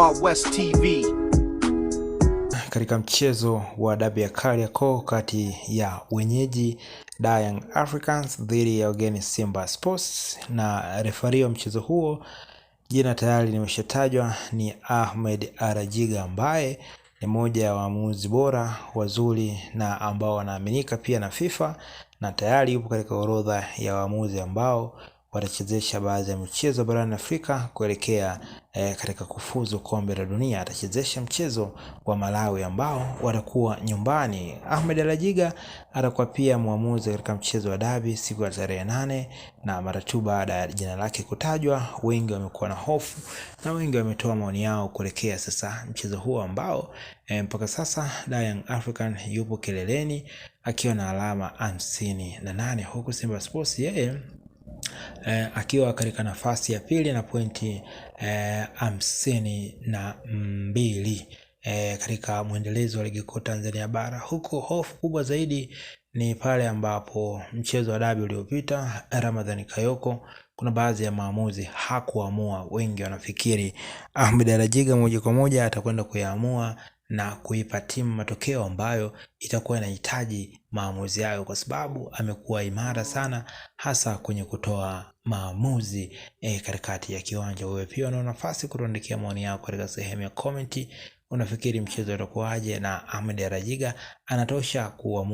Wild West TV. Katika mchezo wa dabi ya Kariakoo kati ya wenyeji Young Africans dhidi ya ugeni Simba Sports, na refari wa mchezo huo jina tayari limeshatajwa ni Ahmed Arajiga ambaye ni moja ya waamuzi bora wazuri na ambao wanaaminika pia na FIFA na tayari yupo katika orodha ya waamuzi ambao watachezesha baadhi ya michezo barani Afrika kuelekea e, katika kufuzu kombe la dunia. Atachezesha mchezo wa Malawi ambao watakuwa nyumbani. Ahmed Alajiga atakuwa pia mwamuzi katika mchezo wa dabi siku ya tarehe nane, na mara tu baada ya jina lake kutajwa, wengi wamekuwa na hofu na wengi wametoa maoni yao kuelekea sasa mchezo huo ambao e, mpaka sasa Young African yupo keleleni akiwa na alama hamsini na nane huku Simba Sports yeye eh, akiwa katika nafasi ya pili na pointi eh, hamsini eh, na mbili eh, katika mwendelezo wa ligi kuu Tanzania bara, huku hofu kubwa zaidi ni pale ambapo mchezo wa dabi uliopita Ramadhani Kayoko, kuna baadhi ya maamuzi hakuamua. Wengi wanafikiri Ahmed Arajiga moja kwa moja atakwenda kuyaamua na kuipa timu matokeo ambayo itakuwa inahitaji maamuzi yao, kwa sababu amekuwa imara sana, hasa kwenye kutoa maamuzi e, katikati ya kiwanja. Wewe pia una nafasi kutuandikia maoni yako katika sehemu ya komenti. Unafikiri mchezo utakuwaje na Ahmed Rajiga anatosha kuamua